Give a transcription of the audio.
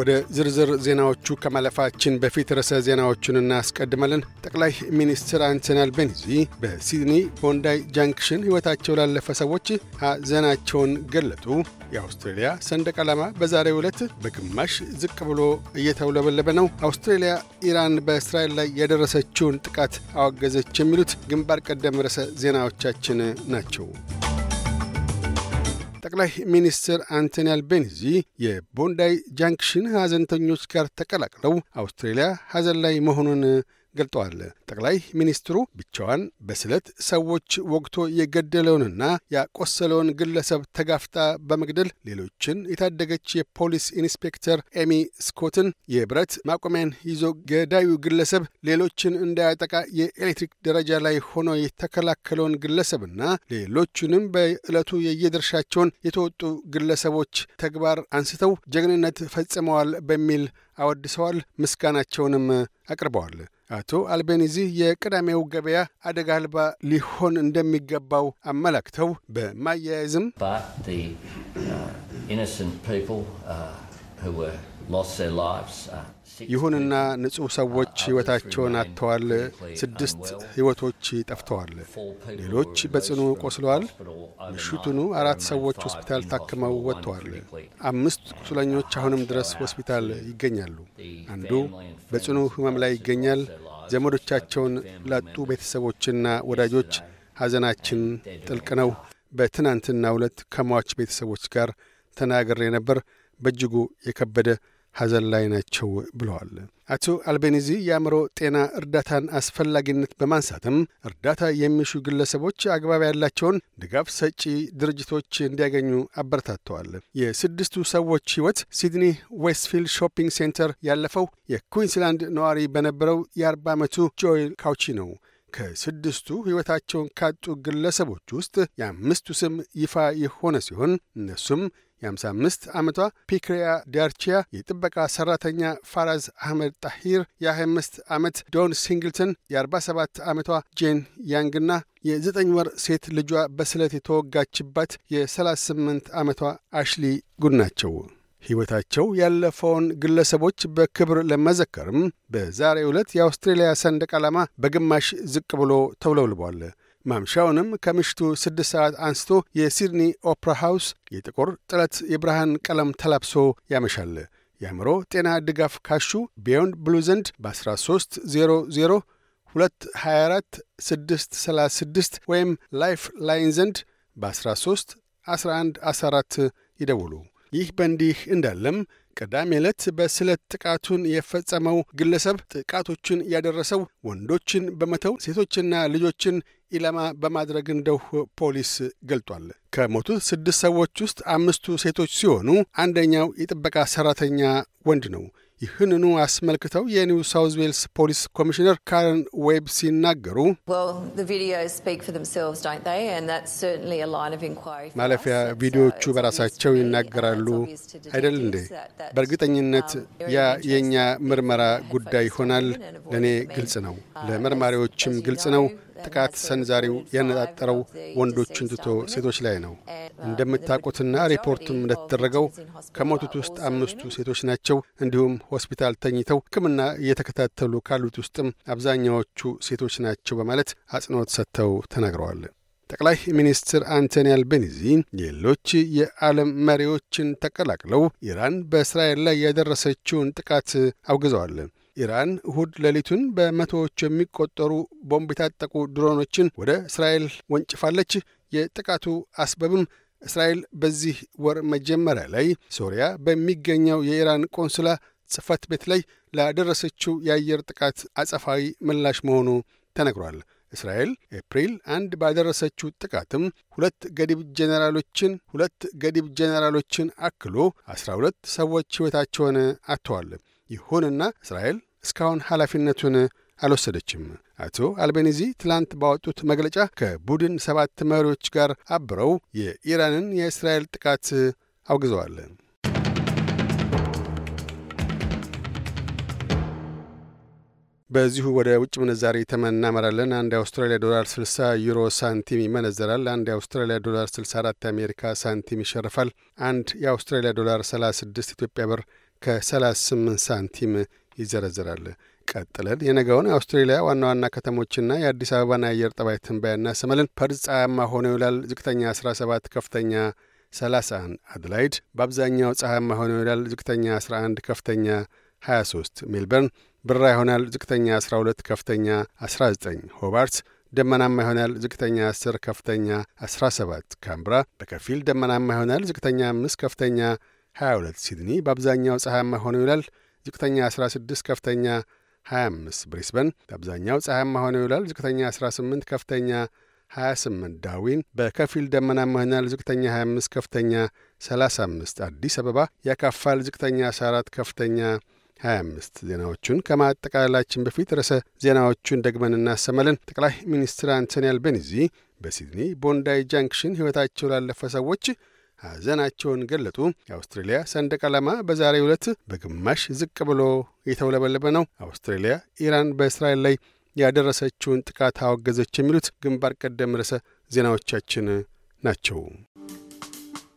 ወደ ዝርዝር ዜናዎቹ ከማለፋችን በፊት ርዕሰ ዜናዎቹን እናስቀድማለን። ጠቅላይ ሚኒስትር አንቶኒ አልቤኒዚ በሲድኒ ቦንዳይ ጃንክሽን ሕይወታቸው ላለፈ ሰዎች ሐዘናቸውን ገለጡ። የአውስትሬልያ ሰንደቅ ዓላማ በዛሬው ዕለት በግማሽ ዝቅ ብሎ እየተውለበለበ ነው። አውስትሬልያ ኢራን በእስራኤል ላይ የደረሰችውን ጥቃት አወገዘች። የሚሉት ግንባር ቀደም ርዕሰ ዜናዎቻችን ናቸው። ጠቅላይ ሚኒስትር አንቶኒ አልቤኒዚ የቦንዳይ ጃንክሽን ሐዘንተኞች ጋር ተቀላቅለው አውስትሬልያ ሐዘን ላይ መሆኑን ገልጠዋል። ጠቅላይ ሚኒስትሩ ብቻዋን በስለት ሰዎች ወግቶ የገደለውንና ያቆሰለውን ግለሰብ ተጋፍጣ በመግደል ሌሎችን የታደገች የፖሊስ ኢንስፔክተር ኤሚ ስኮትን የብረት ማቆሚያን ይዞ ገዳዩ ግለሰብ ሌሎችን እንዳያጠቃ የኤሌክትሪክ ደረጃ ላይ ሆኖ የተከላከለውን ግለሰብና ሌሎቹንም በዕለቱ የየድርሻቸውን የተወጡ ግለሰቦች ተግባር አንስተው ጀግንነት ፈጽመዋል በሚል አወድሰዋል። ምስጋናቸውንም አቅርበዋል። አቶ አልቤኒዚ የቅዳሜው ገበያ አደጋ አልባ ሊሆን እንደሚገባው አመላክተው በማያያዝም Uh, ይሁንና ንጹሕ uh, ሰዎች ሕይወታቸውን አጥተዋል። ስድስት ሕይወቶች ጠፍተዋል። ሌሎች በጽኑ ቆስለዋል። ምሽቱኑ አራት ሰዎች ሆስፒታል ታክመው ወጥተዋል። አምስት uh, ቁስለኞች አሁንም ድረስ ሆስፒታል ይገኛሉ። አንዱ በጽኑ ሕመም ላይ ይገኛል። ዘመዶቻቸውን ላጡ ቤተሰቦችና ወዳጆች ሐዘናችን ጥልቅ ነው። በትናንትና ዕለት ከሟች ቤተሰቦች ጋር ተናግሬ ነበር። በእጅጉ የከበደ ሐዘን ላይ ናቸው ብለዋል። አቶ አልቤኒዚ የአእምሮ ጤና እርዳታን አስፈላጊነት በማንሳትም እርዳታ የሚሹ ግለሰቦች አግባብ ያላቸውን ድጋፍ ሰጪ ድርጅቶች እንዲያገኙ አበረታተዋል። የስድስቱ ሰዎች ሕይወት ሲድኒ ዌስትፊልድ ሾፒንግ ሴንተር ያለፈው የኩዊንስላንድ ነዋሪ በነበረው የአርባ ዓመቱ ጆይል ካውቺ ነው። ከስድስቱ ሕይወታቸውን ካጡ ግለሰቦች ውስጥ የአምስቱ ስም ይፋ የሆነ ሲሆን እነሱም የ55 ዓመቷ ፒክሪያ ዳርቺያ፣ የጥበቃ ሰራተኛ ፋራዝ አህመድ ጣሂር፣ የ25 ዓመት ዶን ሲንግልተን፣ የ47 ዓመቷ ጄን ያንግና የዘጠኝ ወር ሴት ልጇ በስለት የተወጋችባት የ38 ዓመቷ አሽሊ ጉድ ናቸው። ሕይወታቸው ያለፈውን ግለሰቦች በክብር ለመዘከርም በዛሬ ዕለት የአውስትሬልያ ሰንደቅ ዓላማ በግማሽ ዝቅ ብሎ ተውለብልቧል። ማምሻውንም ከምሽቱ ስድስት ሰዓት አንስቶ የሲድኒ ኦፕራ ሃውስ የጥቁር ጥለት የብርሃን ቀለም ተላብሶ ያመሻል። የአእምሮ ጤና ድጋፍ ካሹ ቢዮንድ ብሉ ዘንድ በ1300 224 636 ወይም ላይፍ ላይን ዘንድ በ13 ይደውሉ። ይህ በእንዲህ እንዳለም ቅዳሜ ዕለት በስለት ጥቃቱን የፈጸመው ግለሰብ ጥቃቶቹን ያደረሰው ወንዶችን በመተው ሴቶችና ልጆችን ኢላማ በማድረግ እንደው ፖሊስ ገልጧል። ከሞቱት ስድስት ሰዎች ውስጥ አምስቱ ሴቶች ሲሆኑ አንደኛው የጥበቃ ሠራተኛ ወንድ ነው። ይህንኑ አስመልክተው የኒው ሳውዝ ዌልስ ፖሊስ ኮሚሽነር ካረን ዌብ ሲናገሩ ማለፊያ ቪዲዮዎቹ uh, በራሳቸው ይናገራሉ uh, አይደል እንዴ? በእርግጠኝነት um, ያ የእኛ ምርመራ ጉዳይ ይሆናል። ለእኔ ግልጽ ነው፣ uh, ለመርማሪዎችም ግልጽ ነው። ጥቃት ሰንዛሪው ያነጣጠረው ወንዶችን ትቶ ሴቶች ላይ ነው። እንደምታውቁትና ሪፖርትም እንደተደረገው ከሞቱት ውስጥ አምስቱ ሴቶች ናቸው። እንዲሁም ሆስፒታል ተኝተው ሕክምና እየተከታተሉ ካሉት ውስጥም አብዛኛዎቹ ሴቶች ናቸው በማለት አጽንኦት ሰጥተው ተናግረዋል። ጠቅላይ ሚኒስትር አንቶኒ አልቤኒዚ ሌሎች የዓለም መሪዎችን ተቀላቅለው ኢራን በእስራኤል ላይ ያደረሰችውን ጥቃት አውግዘዋል። ኢራን እሁድ ሌሊቱን በመቶዎች የሚቆጠሩ ቦምብ የታጠቁ ድሮኖችን ወደ እስራኤል ወንጭፋለች። የጥቃቱ አስበብም እስራኤል በዚህ ወር መጀመሪያ ላይ ሶሪያ በሚገኘው የኢራን ቆንስላ ጽህፈት ቤት ላይ ላደረሰችው የአየር ጥቃት አጸፋዊ ምላሽ መሆኑ ተነግሯል። እስራኤል ኤፕሪል አንድ ባደረሰችው ጥቃትም ሁለት ገዲብ ጄኔራሎችን ሁለት ገዲብ ጄኔራሎችን አክሎ ሁለት ሰዎች ሕይወታቸውን አጥተዋል። ይሁንና እስራኤል እስካሁን ኃላፊነቱን አልወሰደችም። አቶ አልቤኒዚ ትላንት ባወጡት መግለጫ ከቡድን ሰባት መሪዎች ጋር አብረው የኢራንን የእስራኤል ጥቃት አውግዘዋል። በዚሁ ወደ ውጭ ምንዛሪ ተመን እናመራለን። አንድ የአውስትራሊያ ዶላር 60 ዩሮ ሳንቲም ይመነዘራል። አንድ የአውስትራሊያ ዶላር 64 የአሜሪካ ሳንቲም ይሸርፋል። አንድ የአውስትራሊያ ዶላር 36 ኢትዮጵያ ብር ከ38 ሳንቲም ይዘረዝራል። ቀጥለን የነገውን የአውስትሬሊያ ዋና ዋና ከተሞችና የአዲስ አበባን የአየር ጠባይ ትንበያ እናሰማለን። ፐርዝ ፀሐያማ ሆኖ ይውላል። ዝቅተኛ 17፣ ከፍተኛ 31። አድላይድ በአብዛኛው ፀሐያማ ሆኖ ይውላል። ዝቅተኛ 11፣ ከፍተኛ 23። ሜልበርን ብራ ይሆናል። ዝቅተኛ 12፣ ከፍተኛ 19። ሆባርት ደመናማ ይሆናል። ዝቅተኛ 10 ከፍተኛ 17። ካምብራ በከፊል ደመናማ ይሆናል። ዝቅተኛ 5 ከፍተኛ 22። ሲድኒ በአብዛኛው ፀሐያማ ሆኖ ይውላል። ዝቅተኛ 16፣ ከፍተኛ 25። ብሪስበን በአብዛኛው ፀሐያማ ሆኖ ይውላል። ዝቅተኛ 18፣ ከፍተኛ 28። ዳዊን በከፊል ደመናማ ይሆናል። ዝቅተኛ 25፣ ከፍተኛ 35። አዲስ አበባ ያካፋል። ዝቅተኛ 14፣ ከፍተኛ 25 ዜናዎቹን ከማጠቃላላችን በፊት ርዕሰ ዜናዎቹን ደግመን እናሰማለን። ጠቅላይ ሚኒስትር አንቶኒ አልቤኒዚ በሲድኒ ቦንዳይ ጃንክሽን ሕይወታቸው ላለፈ ሰዎች ሐዘናቸውን ገለጡ። የአውስትሬልያ ሰንደቅ ዓላማ በዛሬው ዕለት በግማሽ ዝቅ ብሎ የተውለበለበ ነው። አውስትሬልያ ኢራን በእስራኤል ላይ ያደረሰችውን ጥቃት አወገዘች። የሚሉት ግንባር ቀደም ርዕሰ ዜናዎቻችን ናቸው።